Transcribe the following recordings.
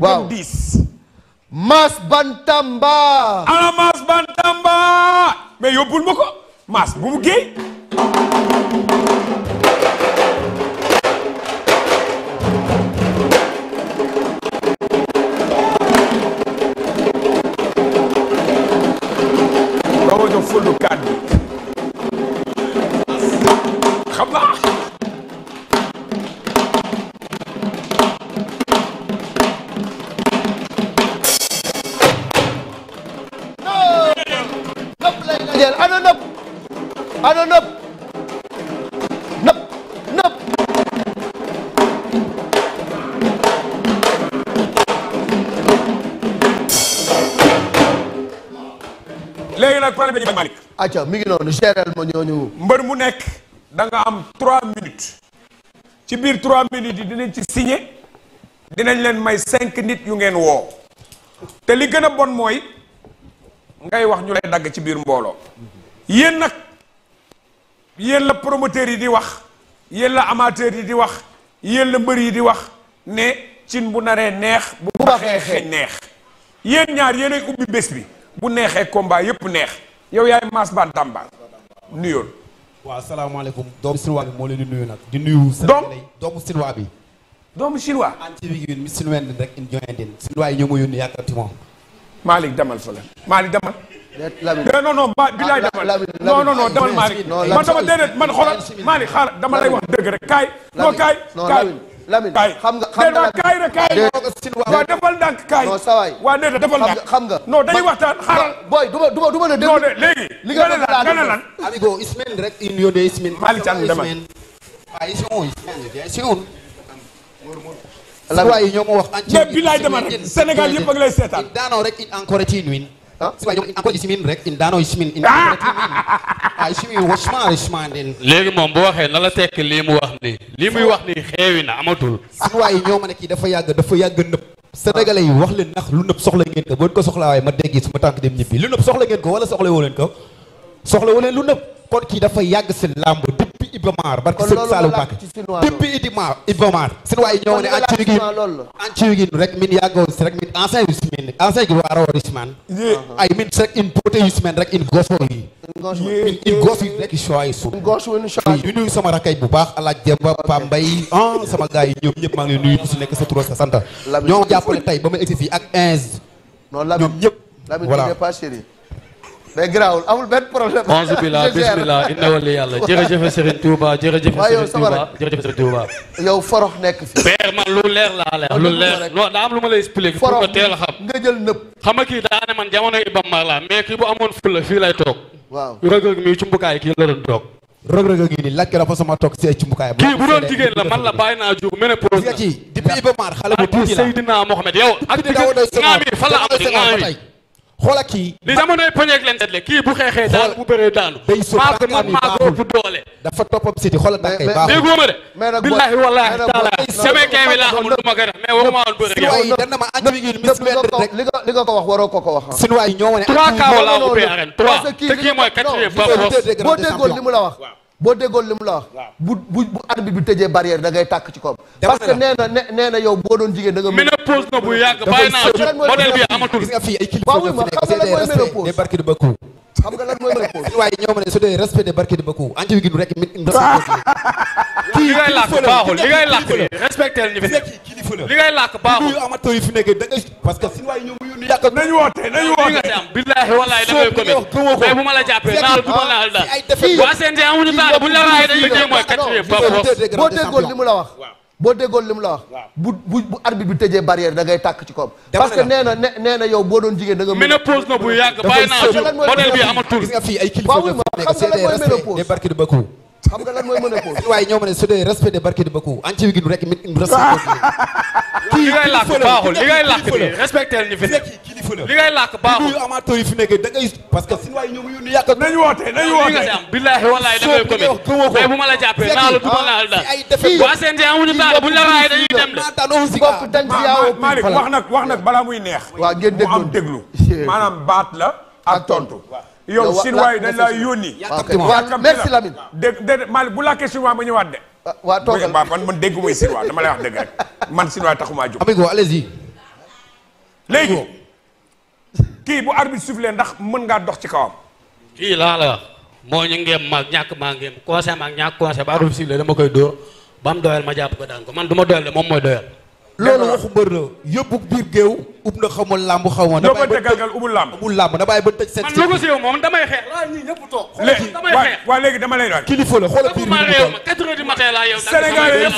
waaw dix Mass Bantamba ala Mass Bantamba mais yóbbul ma ko Mass bu mu géey ba ma jox fulu kàddu xam naa jël ana nëb ana nëb nëb nëb léegi nag problème bi ñu Malick acca mi ngi noonu géréel ma ñooñu mbër mu nekk danga am trois minutes ci biir trois minutes yi dinañ ci signé dinañ leen may cinq nit yu ngeen woo te li gën a bon mooy ngay wax ñu lay dagg ci biir mbooloo yéen nag yéen la promoteurs yi di wax yéen la amateur yi di wax yéen la mbër yi di wax ne cin bu naree neex bu baxee xeeñ neex yéen ñaar yéenay ubbi bés bi bu neexee combat yépp neex yow yaay Mass Ba Damba nuyoon waaw salaamaaleykum doomu Silwa bi moo leen di nuyu nag di nuyu Sénégalais doomu Silwa bi doomu Silwa anti wi mi sin wend rek in joindin Silwa yi ñoo ma yónni yàkkati moom Malick demal fële Malick demal. Lamine eh, non non ba ah, bilaay demal non non non demal Malick man dama déedéet man xoolal Malick xaaral dama lay wax dëgg rek kaay. non kaay kaay Lamine xam nga xam nga kaay rek kaay waaw defal ndànk kaay waaw déedéet defal ndànk xam nga non dañuy waxtaan xaaral boy duma duma duma la dégg non léegi li nga la a lan amigo Ismaël rek union de Ismaël Malick Thiam demal waaw ah, Suba yi ñoo ma wax. a ngi lay seetaan. in daanoo rek in encore ci nuin. ah Suba rek in daanoo ismin. in ah. encore ci nuin ah ismin wachement moom bu waxee na la tekk lii mu wax nii. lii muy wax nii na amatul. Suba yi ñoo ma ne kii dafa yàgg dafa yàgg nëpp. Sénégalais yi wax leen nax lu nëpp soxla ngeen ko boo ko soxlaa waaye ma dégg sama tànk dem ñibbi lu nëpp soxla ngeen ko wala soxla woo leen ko soxla woo leen lu nëpp kon kii dafa yàgg si làmb Ibba Maar barke Sëñ Saalum Mbàkke depuis Idi Ma Ibba Maar seen waay ñëw ne ancirigi ancirigi rek min yaago si rek min ancien yu simen ancien gi waaro yu simen ay min rek in poté yu simen rek in goso yi in goso yi rek choix yi suuf ñu nuyu sama rakay bu baax alaaj Demba Pam Mbay ah sama gars yi ñoom ñëpp maa ngi nuyu ku si nekk sa tur sa sant ñoo jàppale tey ba ma egsi fii ak 15 ñoom ñëpp voilà mais garaawul amul benn problème. onze billah bismillah inna wali yàlla jërëjëf Serigne Touba jërëjëf. waaw yow sama rek jërëjëf forox nekk fi. père man lu leer laa leer. lu leer non daa am lu ma lay expliquer. pour nga a xam jël nëpp. xam kii daa man jamono Iba laa mais kii bu amoon fula fii lay toog. rëg-rëg mi cumbukaay kii la doon toog. rëg-rëg gi nii lakk dafa sama toog see cumbukaay. kii bu doon jigéen la man la bàyyi naa jur ménopause la. depuis Iba Mar xale bu tuuti la xoola kii. li jamonoy poñeeg leen seetle kii bu xeexee daanu bu bëree daanu. day soo baaxul doole. dafa toppam siti xoola dakay baaxul. dégg nga de. mais billahi wallahi taala jamaïcain bi laa xamul lu ma a mais rek li ko wax waroo ko ko wax. sinuwaay ñoo wane. trois cas wala au PRN trois te kii mooy boo déggoon li mu la boo déggoon li mu la wax. bu bu bu arbitre bi tëjee barrière da ngay tàkk ci koom. parce que nee na yow boo doon jigéen da nga. ménopause na bu yàgg bàyyi naa amatul. gis nga fii ay kilifa yoo xam ne respect des barke de Bakou. xam nga lan mooy ménopause. waaye ñoo ma ne su dee respect des barke de Bakou en jiw gi rek. kii kii fële li ngay làkk baaxul li ngay làkk nii respecté ñu fi. feu la li ngay làkk baaxul nuyu amateur fi nekkee da ngay parce que suñu waay ñoom ñu ñu nañu woote nañu woote li nga am billahi wallahi da ngay ko mais la jàppee naal du ma laal ah, daal waa mu la wax boo déggoon li mu la wax bu bu bu arbitre bi tëjee da tàkk ci koom parce que nee yow boo doon jigéen da nga na bu yàgg bàyyi naa ju modèle bi amatul gis nga fii ay kilifa xam nga lan mooy ménopause. waaye ñoo ne su dee respect de barke di bakku an li ngay làkk baaxul li ngay làkk nii respecté ñu fi nekk li ngay làkk baaxul nuyu ngay parce que sin waay ñoom bu ma la jàppee naa la duma laal ah, daal waa CNG amuñu daal buñ la waaye dañuy dem de bokk dañ ci yaaw Malick wax nag wax nag balaa muy neex waa ngeen déglu maanaam baat la ak tontu yow chinois yi dañ laa yónni. waaw merci Lamine. dégg dégg Malick bu làkkee chinois ma ñëwaat de. waa toogal man man déggu mooy chinois dama lay wax dëgg rek man chinois taxumaa jóg. amigo allez-y. léegi kii bu arbitre soufflé ndax mën ngaa dox ci kawam. kii laa la moo ñu ngeem maag ñàkk maa ngeem conseil maag ñàkk conseil ba arbitre soufflé dama koy dóor ba mu doyal ma jàpp ko daan ko man du ma doyal de moom mooy doyal. loolu waxu mbër la yóbbu biir géew ub na xamul làmb xaw ma doo ko tegalgal ubul làmb da bàyyi ba tëj seen man négocié moom damay xeex laa ñii ñëpp toog léegi damay léegi dama lay laaj kilifa la xoolal biir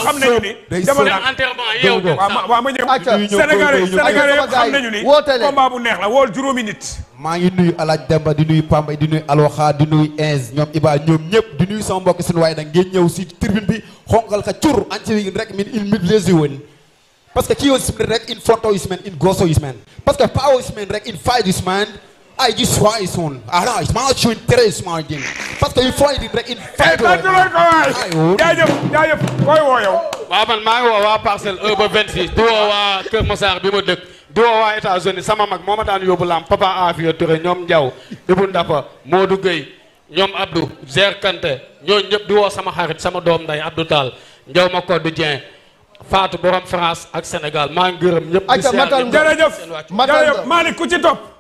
xam nañu ni day dama la enterrement yow waaw ma ñëw Sénégal Sénégal yëpp xam nañu ni combat bu neex la wool juróomi nit maa ngi nuyu alaaj Demba di nuyu Pambay di nuyu Aloxa di nuyu Inz ñoom Iba ñoom ñëpp di nuy sama mbokk suñu waaye nag ngeen ñëw si tribune bi xonqal ka cur anci wi rek min il mit les parce que kiyoismen rek in fontoismen in gosoismen parce que paoismen rek in faidismen ay ji soisun ara ma cuin tereismen din parce que il faut man maa woo waa parcelle e ba 26 woo waa Kër bi ma dëkk di woo waa États-Unis sama mag moo ma daan yóbbu lam papa Afia Touré ñoom Ndiaw Ibou Ndapa Modou Gueye ñoom Abdou Zer Kanté ñooñu ñëpp woo sama xarit sama doom nday Abdou Tall Ndiaw ma Codou Dieng faatu borom France ak Sénégal maa ngi gërëm ñëpp. ayca matal jërëjëf jërëjëf Malick ku ci topp.